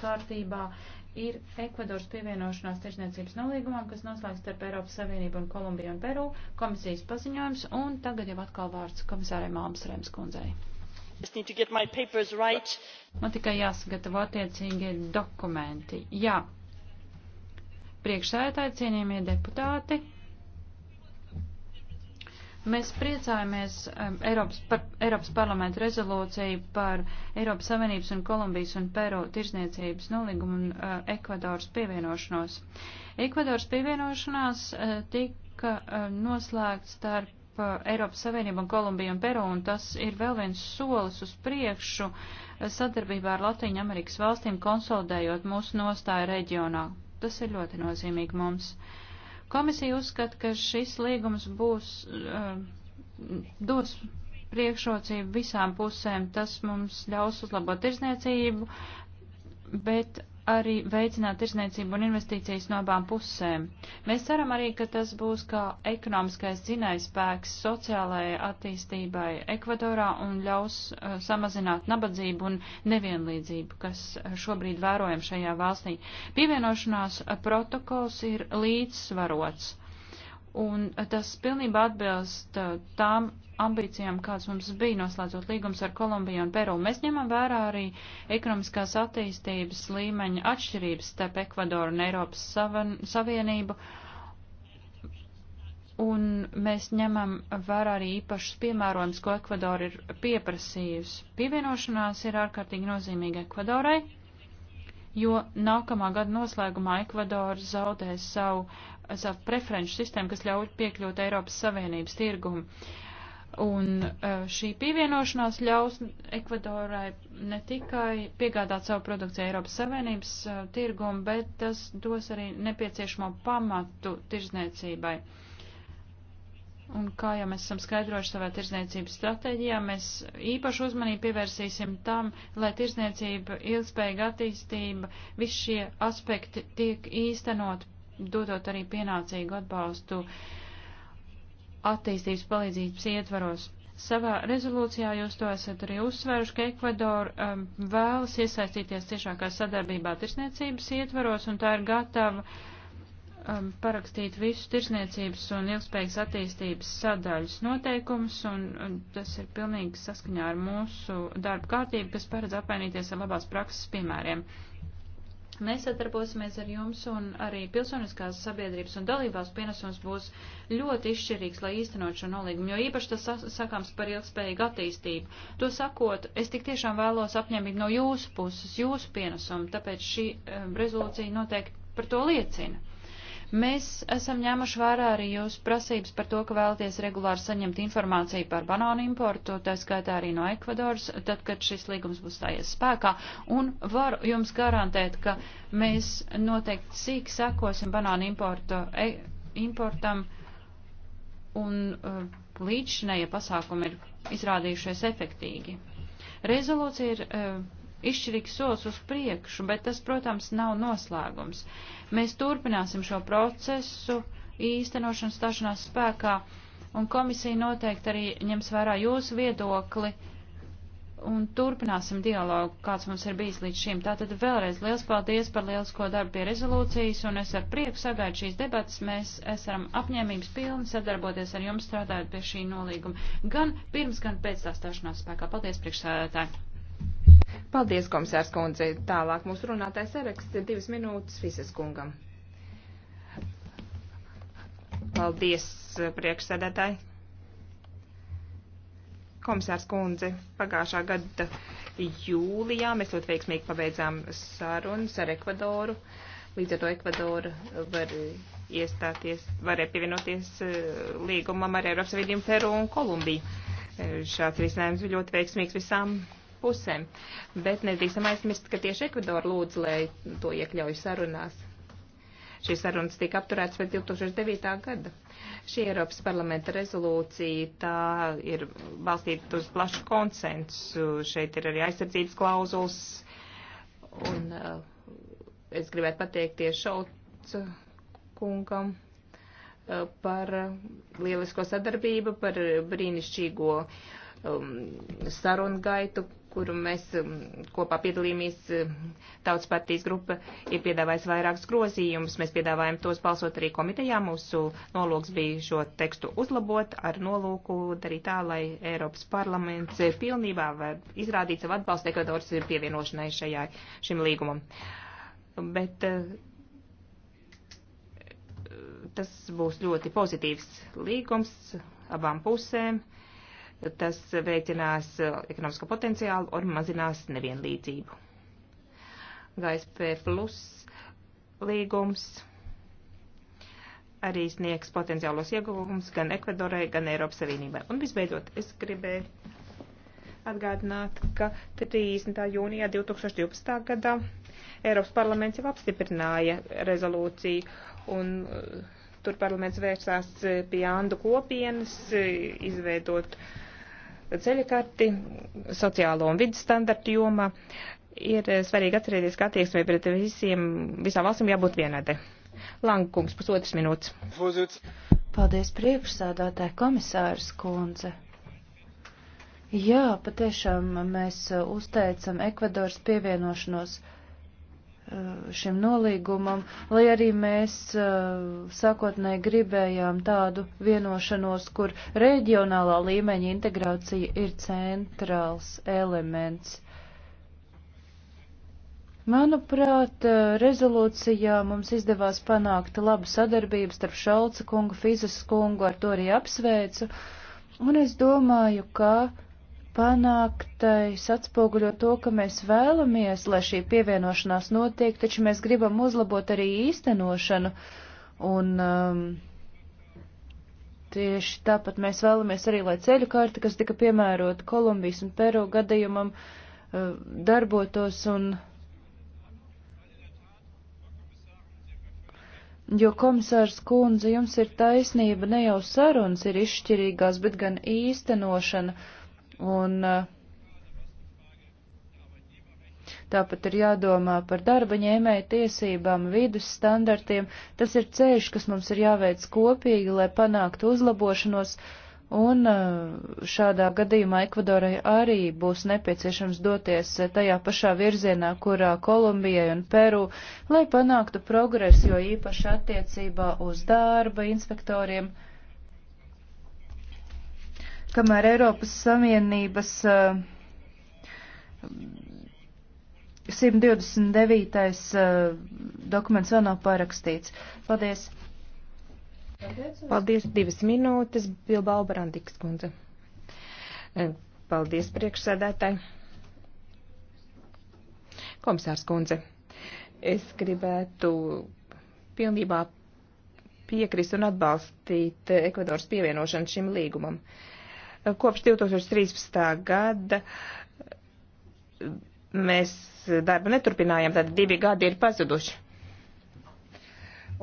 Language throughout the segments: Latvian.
kārtībā ir Ekvadoras pievienošanās tirsniecības nolīgumam, kas noslēgts starp Eiropas Savienību un Kolumbiju un Peru, komisijas paziņojums, un tagad jau atkal vārds komisārai Māmas Rems kundzei. Right. Man tikai jāsagatavo attiecīgie dokumenti. Jā. Priekšsēdētāji, cienījamie deputāti, Mēs priecājamies um, Eiropas, par Eiropas parlamentu rezolūciju par Eiropas Savienības un Kolumbijas un Peru tirzniecības nolīgumu un uh, Ekvadoras pievienošanos. Ekvadoras pievienošanās uh, tika uh, noslēgts starp uh, Eiropas Savienību un Kolumbiju un Peru, un tas ir vēl viens solis uz priekšu uh, sadarbībā ar Latviju Amerikas valstīm, konsolidējot mūsu nostāju reģionā. Tas ir ļoti nozīmīgi mums. Uh, Komisija uzskata, ka šis līgums būs, eh, dos priekšrocību visām pusēm. Tas mums ļaus uzlabot tirzniecību, bet arī veicināt tirsniecību un investīcijas no abām pusēm. Mēs ceram arī, ka tas būs kā ekonomiskais zinājspēks sociālajai attīstībai Ekvadorā un ļaus uh, samazināt nabadzību un nevienlīdzību, kas uh, šobrīd vērojam šajā valstī. Pievienošanās uh, protokols ir līdzsvarots. Un uh, tas pilnībā atbilst tām ambīcijām, kāds mums bija noslēdzot līgums ar Kolumbiju un Peru. Mēs ņemam vērā arī ekonomiskās attīstības līmeņa atšķirības starp Ekvadoru un Eiropas savan, Savienību. Un mēs ņemam vērā arī īpašus piemērojums, ko Ekvadora ir pieprasījusi. Pievienošanās ir ārkārtīgi nozīmīga Ekvadorai, jo nākamā gada noslēgumā Ekvadora zaudēs savu, savu preferenču sistēmu, kas ļauj piekļūt Eiropas Savienības tirgumu. Uh, Un eh, šī pievienošanās ļaus Ekvadorai ne tikai piegādāt savu produkciju Eiropas Savienības eh, tirgumu, bet tas dos arī nepieciešamo pamatu tirzniecībai. Un kā jau mēs esam skaidrojuši savā tirzniecības stratēģijā, mēs īpašu uzmanību pievērsīsim tam, lai tirzniecība, ilgspējīga attīstība, visi šie aspekti tiek īstenot, dodot arī pienācīgu atbalstu uh, attīstības palīdzības ietvaros. Savā rezolūcijā jūs to esat arī uzsveruši, ka Ekvadora um, vēlas iesaistīties ciešākā sadarbībā tirsniecības ietvaros, un tā ir gatava um, parakstīt visus tirsniecības un ilgspējīgas attīstības sadaļas noteikumus, un, un tas ir pilnīgi saskaņā ar mūsu darba kārtību, kas paredz apmainīties ar labās prakses piemēriem. Mēs sadarbosimies ar jums un arī pilsoniskās sabiedrības un dalībās pienesums būs ļoti izšķirīgs, lai īstenot šo nolīgumu, jo īpaši tas sakāms par ilgspējīgu attīstību. To sakot, es tik tiešām vēlos apņēmību no jūsu puses, jūsu pienesumu, tāpēc šī um, rezolūcija noteikti par to liecina. Mēs esam ņēmuši vērā arī jūsu prasības par to, ka vēlaties regulāri saņemt informāciju par banānu importu, tā skaitā arī no Ekvadoras, tad, kad šis līgums būs stājies spēkā. Un varu jums garantēt, ka mēs noteikti sīk sekosim banānu importu, e, importam un uh, e, līdzinēja pasākumi ir izrādījušies efektīgi. Rezolūcija ir. Uh, izšķirīgs solis uz priekšu, bet tas, protams, nav noslēgums. Mēs turpināsim šo procesu īstenošanu stāšanās spēkā, un komisija noteikti arī ņems vērā jūsu viedokli un turpināsim dialogu, kāds mums ir bijis līdz šim. Tātad vēlreiz liels paldies par lielisko darbu pie rezolūcijas, un es ar prieku sagaidu šīs debatas. Mēs esam apņēmības pilni sadarboties ar jums strādājot pie šī nolīguma gan pirms, gan pēc tā stāšanās spēkā. Paldies, priekšsēdētāji! Paldies, komisārs kundze. Tālāk mūsu runātājs saraksts ir divas minūtes visas kungam. Paldies, priekšsēdētāji. Komisārs kundze, pagājušā gada jūlijā mēs ļoti veiksmīgi pabeidzām sarunas ar Ekvadoru. Līdz ar to Ekvadora var iestāties, varēja pievienoties e, līgumam ar Eiropas Savienību, Peru un Kolumbiju. E, šāds risinājums bija ļoti veiksmīgs visām pusēm. Bet nedrīkstam aizmirst, ka tieši Ekvadora lūdz, lai to iekļauj sarunās. Šīs sarunas tika apturētas pēc 2009. gada. Šī Eiropas parlamenta rezolūcija tā ir balstīta uz plašu konsensu. Šeit ir arī aizsardzības klauzulas. Un eh, es gribētu pateikties Šauc eh, kungam eh, par lielisko sadarbību, par brīnišķīgo um, sarunu gaitu, kuru mēs um, kopā piedalījāmies. Um, Tautas partijas grupa ir piedāvājis vairākus grozījumus. Mēs piedāvājam tos balsot arī komitejā. Mūsu nolūks bija šo tekstu uzlabot ar nolūku darīt tā, lai Eiropas parlaments pilnībā var izrādīt savu atbalstu Ekvadoras pievienošanai šajā, šim līgumam. Bet uh, tas būs ļoti pozitīvs līgums abām pusēm. Uh, Tas veicinās uh, ekonomisko potenciālu un mazinās nevienlīdzību. GSP plus līgums arī sniegs potenciālos ieguvumus gan Ekvadorai, gan Eiropas Savienībai. Un visbeidzot, es gribēju atgādināt, ka 30. jūnijā 2012. gadā Eiropas parlaments jau apstiprināja rezolūciju, un uh, tur parlaments vērsās uh, pie Andu kopienas, izveidot uh, ceļakarti sociālo un vidas standartu jomā. Ir eh, svarīgi atcerēties, ka attieksmē pret visiem, visām valstīm jābūt vienādai. Langkungs, pusotras minūtes. Paldies priekšsādātāji komisārs kundze. Jā, patiešām mēs uzteicam Ekvadoras pievienošanos. Eh, šim nolīgumam, lai arī mēs eh, sākotnēji gribējām tādu vienošanos, kur reģionālā līmeņa integrācija ir centrāls elements. Manuprāt, eh, rezolūcijā mums izdevās panākt labu sadarbību starp Šalca kungu, Fizas kungu, ar to arī apsveicu, un es domāju, ka panāktais atspoguļo to, ka mēs vēlamies, lai šī pievienošanās notiek, taču mēs gribam uzlabot arī īstenošanu. Un um, tieši tāpat mēs vēlamies arī, lai ceļu karta, kas tika piemērota Kolumbijas un Peru gadījumam, uh, darbotos un. Jo komisārs kundze, jums ir taisnība, ne jau sarunas ir izšķirīgās, bet gan īstenošana. Uh, Un eh, tāpat ir jādomā par darba ņēmēju tiesībām, vidus standartiem. Tas ir ceļš, kas mums ir jāveic kopīgi, lai panāktu uzlabošanos. Un eh, šādā gadījumā Ekvadorai arī būs nepieciešams doties eh, tajā pašā virzienā, kurā Kolumbijai un Peru, lai panāktu progresu, jo īpaši attiecībā uz darba inspektoriem kamēr Eiropas Savienības 129. Eh, eh, dokuments vēl nav parakstīts. Paldies! Paldies, divas minūtes, Bilbao Brandikas kundze. Eh, paldies, priekšsēdētāji. Komisārs kundze, es gribētu pilnībā piekrist un atbalstīt Ekvadoras pievienošanu šim līgumam. Uh, Kopš 2013. gada mēs darbu neturpinājām, tad divi gadi ir pazuduši.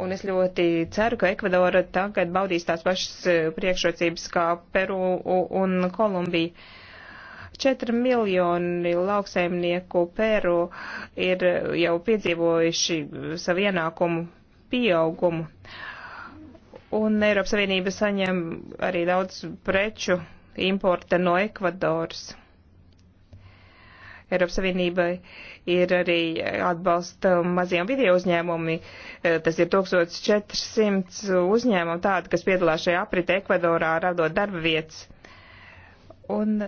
Un es ļoti ceru, ka Ekvadora tagad baudīs tās pašas eh, priekšrocības kā Peru un Kolumbija. 4 miljoni lauksaimnieku Peru ir jau piedzīvojuši savu ienākumu pieaugumu. Un Eiropas Savienība saņem arī daudz preču importa no Ekvadoras. Eiropas Savienībai ir arī atbalsta maziem video uzņēmumi. E, tas ir 1400 uzņēmumu tādi, kas piedalās šajā aprite Ekvadorā, radot darba vietas. Un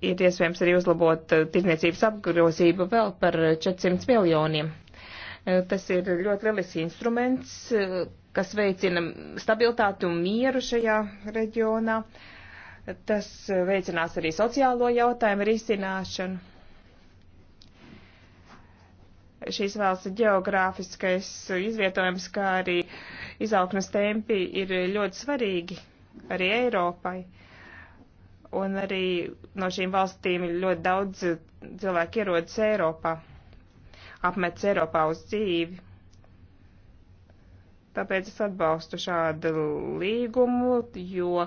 ir iespējams arī uzlabot tirniecības apgrozību vēl par 400 miljoniem. E, tas ir ļoti lielisks instruments, e, kas veicina stabilitāti un mieru šajā reģionā. Uh, Tas veicinās arī sociālo jautājumu risināšanu. Šīs valsts geogrāfiskais izvietojums, kā arī izaugsmas tempi ir ļoti svarīgi arī Eiropai. Un arī no šīm valstīm ļoti daudz cilvēku ierodas Eiropā, apmetas Eiropā uz dzīvi Tāpēc es atbalstu šādu līgumu, jo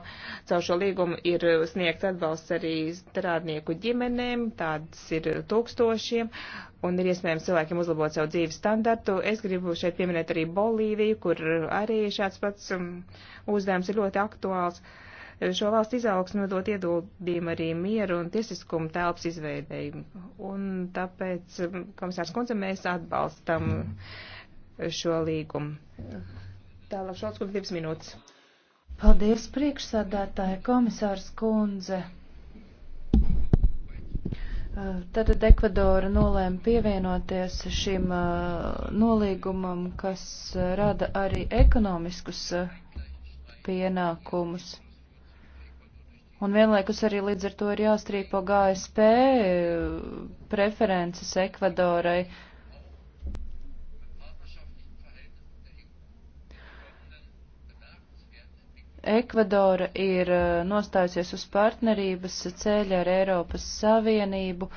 caur šo līgumu ir sniegt atbalsts arī strādnieku ģimenēm, tādas ir tūkstošiem, un ir iespējams cilvēkiem uzlabot savu dzīves standartu. Es gribu šeit pieminēt arī Bolīviju, kur arī šāds pats um, uzdevums ir ļoti aktuāls. Šo valstu izaugsmu dot ieguldījumu arī mieru un tiesiskumu telpas izveidējumu. Un tāpēc, um, komisārs Kunze, mēs atbalstam. Mm šo līgumu. Tālāk šāds kungs divas minūtes. Paldies priekšsādātāja komisārs kundze. Tātad Ekvadora nolēma pievienoties šim uh, nolīgumam, kas uh, rada arī ekonomiskus uh, pienākumus. Un vienlaikus arī līdz ar to ir jāstrīpo GSP preferences Ekvadorai. Uh, Ekvadora ir eh, nostājusies uz partnerības ceļa ar Eiropas Savienību,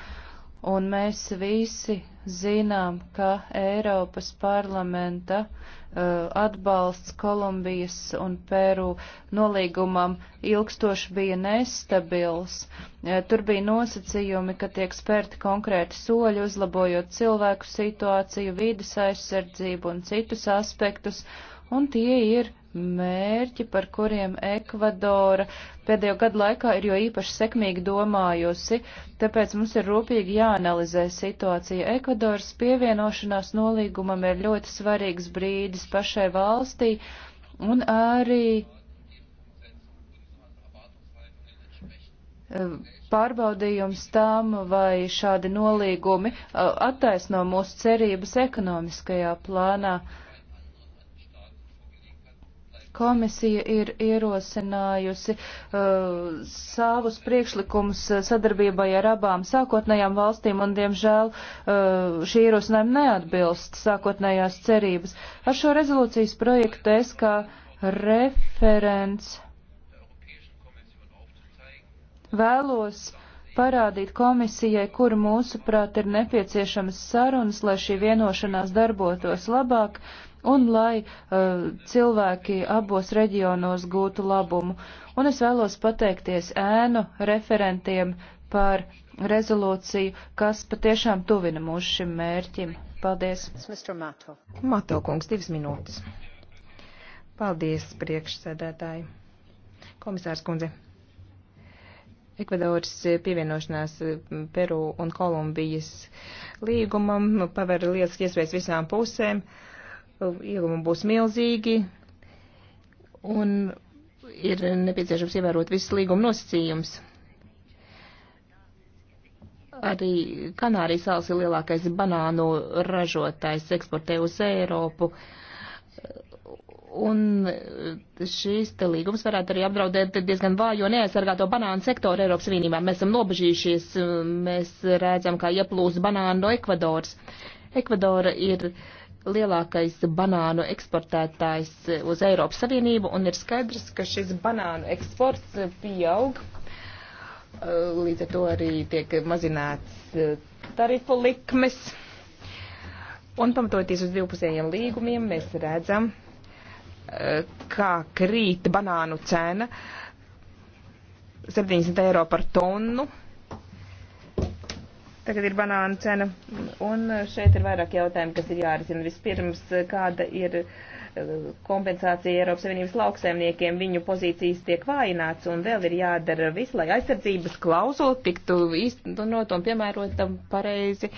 un mēs visi zinām, ka Eiropas parlamenta uh, atbalsts Kolumbijas un Peru nolīgumam ilgstoši bija nestabils. Uh, tur bija nosacījumi, ka tiek spērti konkrēti soļi, uzlabojot cilvēku situāciju, vidas aizsardzību un citus aspektus, un tie ir mērķi, par kuriem Ekvadora pēdējo gadu laikā ir jo īpaši sekmīgi domājusi, tāpēc mums ir rūpīgi jāanalizē situācija. Ekvadoras pievienošanās nolīgumam ir ļoti svarīgs brīdis pašai valstī un arī e, pārbaudījums tam, vai šādi nolīgumi e, attaisno mūsu cerības ekonomiskajā plānā. Uh, Komisija ir ierosinājusi uh, savus priekšlikumus sadarbībai ar abām sākotnējām valstīm, un, diemžēl, uh, šī ierosinājuma neatbilst sākotnējās cerības. Ar šo rezolūcijas projektu es kā referents vēlos parādīt komisijai, kur mūsuprāt ir nepieciešamas sarunas, lai šī vienošanās darbotos labāk, un lai uh, cilvēki abos reģionos gūtu labumu. Un es vēlos pateikties ēnu referentiem par rezolūciju, kas patiešām tuvina mūsu šim mērķim. Paldies. Mato. Mato kungs, divas minūtes. Paldies, priekšsēdētāji. Komisārs kundze. Ekvadoras pievienošanās Peru un Kolumbijas līgumam paver lielas iespējas visām pusēm. Uh, iegumi būs milzīgi, un ir nepieciešams ievērot visus līguma nosacījumus. Arī Kanārijas salas ir lielākais banānu ražotājs, eksportē uz Eiropu. Un šīs te līgums varētu arī apdraudēt diezgan vājo neaizsargāto banānu sektoru Eiropas vienībā. Mēs esam nobežījušies, mēs redzam, kā ieplūst banānu no Ekvadoras. Ekvadora ir uh, lielākais banānu eksportētājs uz Eiropas Savienību, un ir skaidrs, ka šis banānu eksports pieaug. Uh, līdz ar to arī tiek mazināts uh, tarifu likmes. Un pamatoties uz divpusējiem līgumiem, mēs redzam, uh, kā krīt banānu cena 70 eiro par tonu Tagad ir banāna cena, un eh, šeit ir vairāk jautājumu, kas ir jārisina. Vispirms, eh, kāda ir uh, kompensācija Eiropas Savienības lauksaimniekiem, viņu pozīcijas tiek vājināts un vēl ir jādara visu, lai aizsardzības klauzula tiktu īstenot un piemērotam pareizi,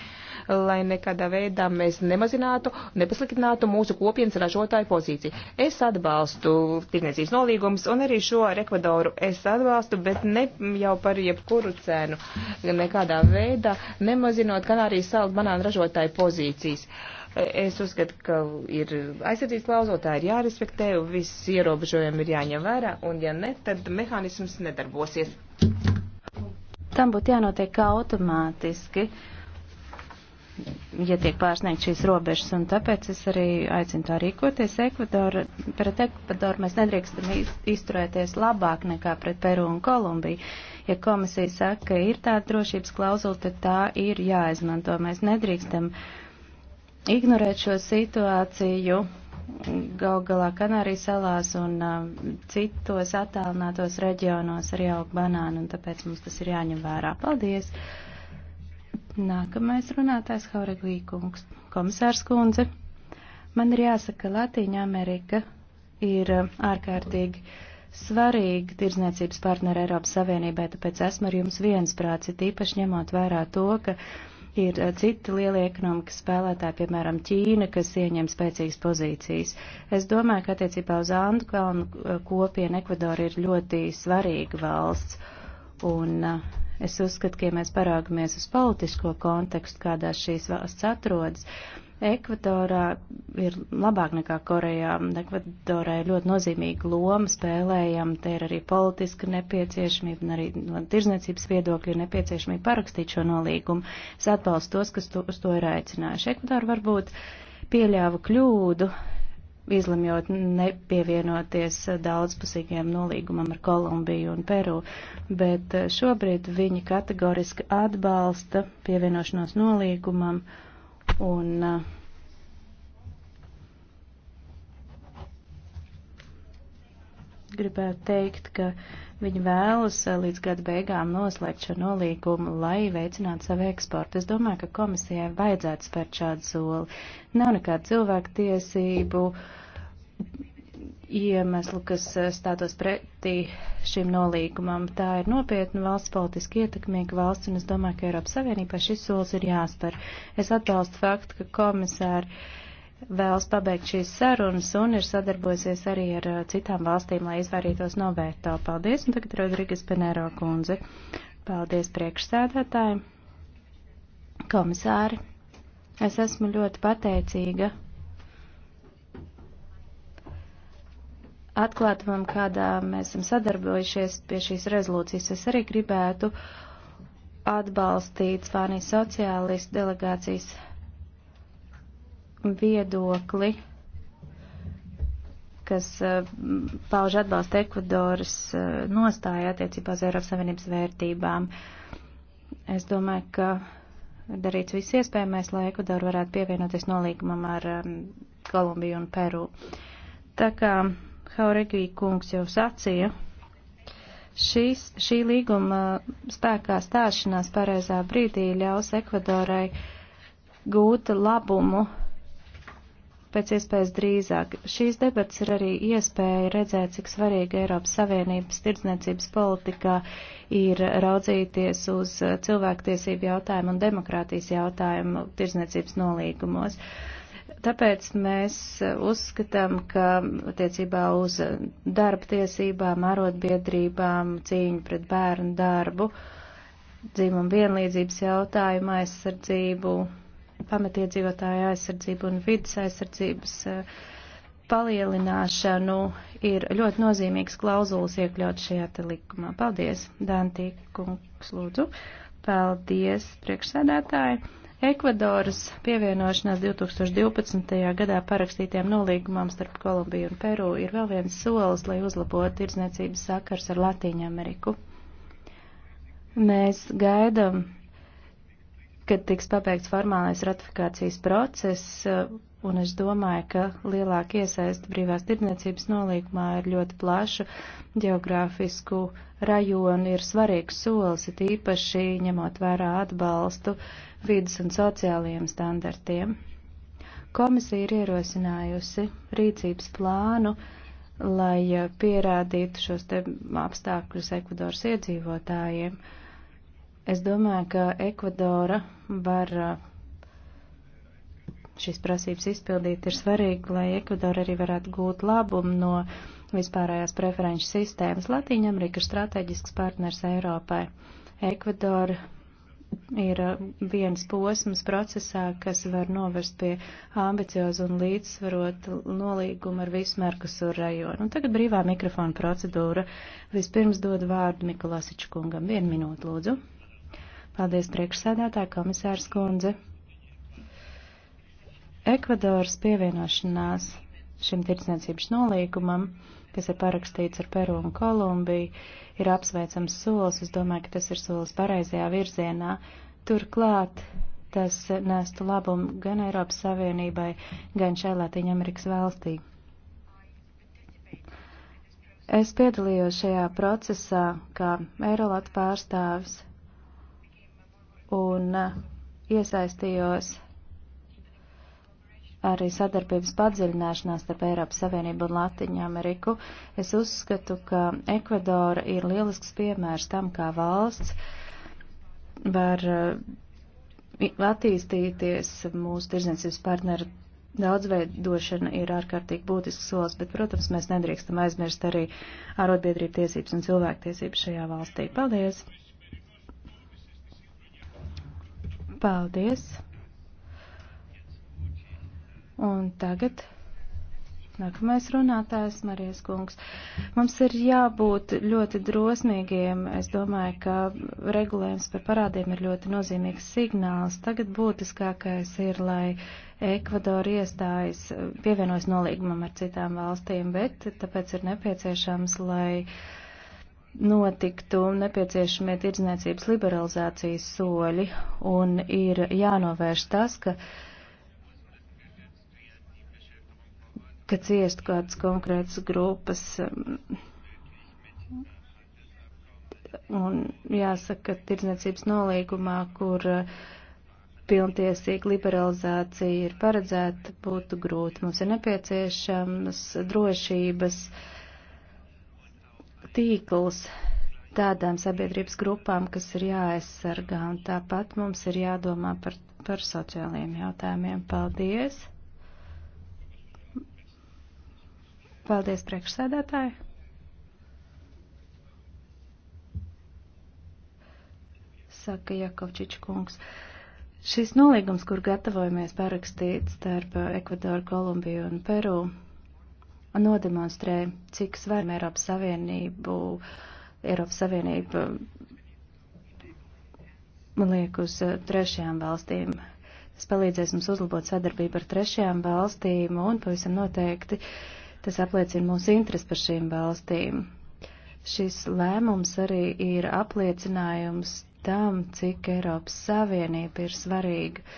lai nekādā veidā mēs nemazinātu, nepasliktinātu mūsu kopienas ražotāju pozīciju. Es atbalstu tirniecības nolīgumus un arī šo ar Ekvadoru es atbalstu, bet ne jau par jebkuru cenu, nekādā veidā nemazinot Kanārijas salu banānu ražotāju pozīcijas. Uh, Es uzskatu, ka ir aizsardzības klauzula, tā ir jārespektē, viss ierobežojumi ir jāņem vērā, un ja ne, tad mehānisms nedarbosies. Tam būtu jānotiek automātiski, ja tiek pārsniegt šīs robežas, un tāpēc es arī aicinu tā rīkoties. Ekvadora, pret Ekvadoru mēs nedrīkstam izturēties labāk nekā pret Peru un Kolumbiju. Ja komisija saka, ka ir tāda drošības klauzula, tad tā ir jāizmanto. Mēs nedrīkstam. Uh, ignorēt šo situāciju. Gal galā Kanārijas salās un um, citos attālinātos reģionos arī aug banāni, un tāpēc mums tas ir jāņem vērā. Paldies! Nākamais runātājs Haureglī kungs, komisārs kundze. Man ir jāsaka, Latīņa Amerika ir um, ārkārtīgi svarīga tirdzniecības partnera Eiropas Savienībai, tāpēc esmu ar jums viensprāts, it īpaši ņemot vērā to, ka ir eh, citi lielie ekonomikas spēlētāji, piemēram, Ķīna, kas ieņem spēcīgas pozīcijas. Es domāju, ka attiecībā uz Andu kalnu eh, kopienu Ekvadora ir ļoti svarīga valsts. Un eh, es uzskatu, ka, ja mēs parāgamies uz politisko kontekstu, kādā šīs valsts atrodas, Ekvadorā ir labāk nekā Korejā. Ekvadorā ir ļoti nozīmīga loma spēlējama. Te ir arī politiska nepieciešamība un arī no tirzniecības viedokļa ir nepieciešamība parakstīt šo nolīgumu. Es atbalstu tos, kas to, uz to ir aicinājuši. Ekvadora varbūt pieļāva kļūdu, izlemjot nepievienoties daudzpusīgiem nolīgumam ar Kolumbiju un Peru, bet šobrīd viņi kategoriski atbalsta pievienošanos nolīgumam. Uh, Un uh, gribētu teikt, ka viņi vēlas uh, līdz gada beigām noslēgt šo nolīgumu, lai veicinātu savu eksportu. Es domāju, ka komisijai vajadzētu spērt šādu soli. Nav nekādu cilvēku tiesību iemeslu, kas eh, stātos pretī šim nolīgumam. Tā ir nopietna valsts politiski ietekmīga valsts, un es domāju, ka Eiropas Savienībā šis solis ir jāspēr. Es atbalstu faktu, ka komisāri vēlas pabeigt šīs sarunas un ir sadarbojusies arī ar eh, citām valstīm, lai izvairītos no veto. Paldies, un tagad Rodrigas Penero kundze. Paldies priekšsēdētāji, komisāri. Es esmu ļoti pateicīga atklātumam, kādā mēs esam sadarbojušies pie šīs rezolūcijas. Es arī gribētu atbalstīt Spānijas sociālistu delegācijas viedokli, kas uh, pauž atbalstu Ekvadoras uh, nostāja attiecībā uz Eiropas Savienības vērtībām. Es domāju, ka darīts viss iespējamais, lai Ekvadoru varētu pievienoties nolīgumam ar um, Kolumbiju un Peru. Tā kā Hauregvī kungs jau sacīja, šīs, šī līguma spēkā stāšanās pareizā brīdī ļaus Ekvadorai gūt labumu pēc iespējas drīzāk. Šīs debats ir arī iespēja redzēt, cik svarīga Eiropas Savienības tirdzniecības politikā ir raudzīties uz cilvēktiesību jautājumu un demokrātijas jautājumu tirdzniecības nolīgumos. Uh, Tāpēc mēs eh, uzskatām, ka attiecībā uz darba tiesībām, arotbiedrībām, cīņu pret bērnu darbu, dzīvumu vienlīdzības jautājumu aizsardzību, pamatiedzīvotāju aizsardzību un vidas aizsardzības eh, palielināšanu ir ļoti nozīmīgs klauzulas iekļaut šajā te likumā. Paldies, Dantī kungs, lūdzu. Paldies, priekšsēdētāji. Ekvadoras pievienošanās 2012. gadā parakstītiem nolīgumam starp Kolumbiju un Peru ir vēl viens solis, lai uzlabotu tirdzniecības sakars ar Latīņu Ameriku. Mēs gaidam, kad tiks pabeigts formālais ratifikācijas process un es domāju, ka lielāka iesaista brīvās tirdzniecības nolīkumā ir ļoti plašu geogrāfisku rajonu, ir svarīgs solis, it īpaši ņemot vērā atbalstu vidas un sociālajiem standartiem. Komisija ir ierosinājusi rīcības plānu, lai pierādītu šos te apstākļus Ekvadoras iedzīvotājiem. Es domāju, ka Ekvadora var šīs prasības izpildīt, ir svarīgi, lai Ekvadora arī varētu gūt labumu no vispārējās preferenču sistēmas. Latīņa Amerika ir strateģisks partners Eiropai. Ekvadora ir uh, viens posms procesā, kas var novest pie ambiciozu un līdzsvarotu nolīgumu ar visu Merkusur rajonu. Un tagad brīvā mikrofona procedūra. Vispirms dod vārdu Mikulasiču kungam. Vienu minūtu, lūdzu. Paldies, priekšsēdētāja komisārs kundze. Ekvadoras pievienošanās šim tirdzniecības nolīgumam, kas ir parakstīts ar Peru un Kolumbiju, ir apsveicams solis. Es domāju, ka tas ir solis pareizajā virzienā. Turklāt tas nestu labumu gan Eiropas Savienībai, gan šai Latīņa Amerikas valstī. Es piedalījos šajā procesā kā Eirolat pārstāvis un uh, iesaistījos arī sadarbības padziļināšanās starp Eiropas Savienību un Latviņu Ameriku. Es uzskatu, ka Ekvadora ir lielisks piemērs tam, kā valsts var uh, attīstīties. Mūsu tirdzniecības partneru daudzveidošana ir ārkārtīgi būtisks solis, bet, protams, mēs nedrīkstam aizmirst arī ārotbiedrību tiesības un cilvēktiesības šajā valstī. Paldies! Paldies! Un tagad nākamais runātājs Marijas kungs. Mums ir jābūt ļoti drosmīgiem. Es domāju, ka regulējums par parādiem ir ļoti nozīmīgs signāls. Tagad būtiskākais ir, lai Ekvadora iestājas pievienojas nolīgumam ar citām valstīm, bet tāpēc ir nepieciešams, lai notiktu nepieciešamie tirdzniecības liberalizācijas soļi un ir jānovērš tas, ka uh, ka ciest kādas konkrētas grupas. Um, un jāsaka, tirdzniecības nolīgumā, kur uh, pilntiesīga liberalizācija ir paredzēta, būtu grūti. Mums ir nepieciešams drošības tīkls, tādām sabiedrības grupām, kas ir jāaizsargā, un tāpat mums ir jādomā par, par sociālajiem jautājumiem. Paldies! Paldies, priekšsēdētāji. Saka Jakovčič kungs. Šis nolīgums, kur gatavojamies parakstīt starp Ekvadoru, Kolumbiju un Peru, nodemonstrē, cik svarīgi Eiropas Savienību, Eiropas Savienība liek uz trešajām valstīm Tas palīdzēs mums uzlabot sadarbību ar trešajām valstīm un pavisam noteikti Tas apliecina mūsu interesi par šīm valstīm. Šis lēmums arī ir apliecinājums tam, cik Eiropas Savienība ir svarīga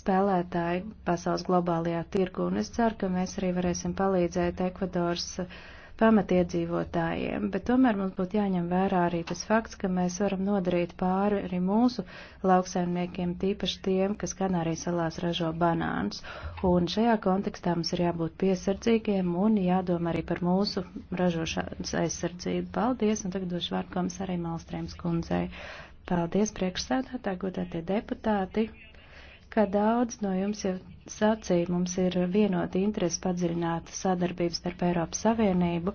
spēlētāji pasaules globālajā tirgu, un es ceru, ka mēs arī varēsim palīdzēt Ekvadoras uh, pamatiedzīvotājiem, bet tomēr mums būtu jāņem vērā arī tas fakts, ka mēs varam nodarīt pāri arī mūsu lauksaimniekiem, tīpaši tiem, kas Kanārijas salās ražo banānus. Un šajā kontekstā mums ir jābūt piesardzīgiem un jādomā arī par mūsu ražošanas aizsardzību. Paldies, un tagad došu vārdu komisārai Malstrēms kundzei. Paldies, priekšsēdētāji, godātie deputāti! Kā daudz no jums jau sacīja, mums ir vienota interese padziļināt sadarbību starp Eiropas Savienību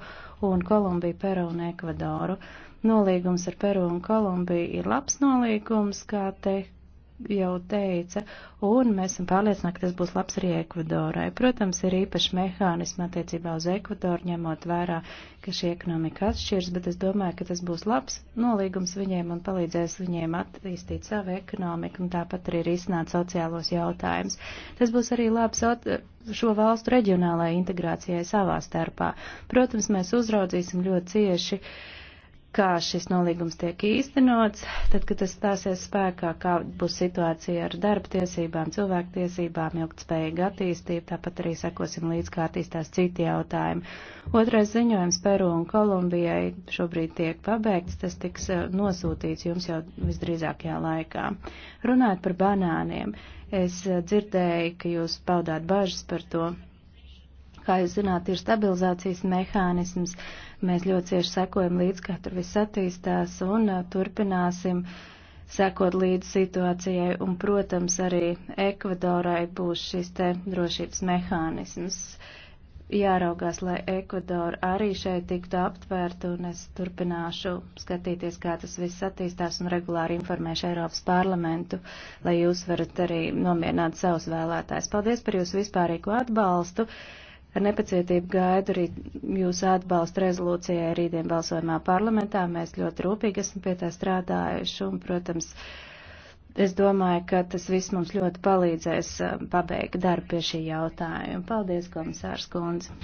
un Kolumbiju, Peru un Ekvadoru. Nolīgums ar Peru un Kolumbiju ir labs nolīgums, kā te jau teica, un mēs esam pārliecināti, ka tas būs labs arī Ekvadorai. Protams, ir īpaši mehānismi attiecībā uz Ekvadoru, ņemot vērā, ka šī ekonomika atšķirs, bet es domāju, ka tas būs labs nolīgums viņiem un palīdzēs viņiem attīstīt savu ekonomiku un tāpat arī risināt sociālos jautājumus. Tas būs arī labs šo valstu reģionālajai integrācijai savā starpā. Protams, mēs uzraudzīsim ļoti cieši kā šis nolīgums tiek īstenots, tad, kad tas stāsies spēkā, kā būs situācija ar darba tiesībām, cilvēktiesībām, ilgtspējīga attīstība, tāpat arī sekosim līdz, kā attīstās citi jautājumi. Otrais ziņojums Peru un Kolumbijai šobrīd tiek pabeigts, tas tiks eh, nosūtīts jums jau visdrīzākajā laikā. Runājot par banāniem, es eh, dzirdēju, ka jūs paudāt bažas par to. Kā jūs zināt, ir stabilizācijas mehānisms. Mēs ļoti cieši sekojam līdz, kā tur viss attīstās, un uh, turpināsim sekot līdz situācijai. Un, protams, arī Ekvadorai būs šis te drošības mehānisms. Jāraugās, lai Ekvadora arī šeit tiktu aptvērta, un es turpināšu skatīties, kā tas viss attīstās, un regulāri informēšu Eiropas parlamentu, lai jūs varat arī nomierināt savus vēlētājus. Paldies par jūsu vispārīgo atbalstu! Uh, Ar nepacietību gaidu arī jūsu atbalstu rezolūcijai rītdien balsojumā parlamentā. Mēs ļoti rūpīgi esam pie tā strādājuši un, protams, es domāju, ka tas viss mums ļoti palīdzēs um, pabeigt darbu pie šī jautājuma. Paldies, komisārs Kundze!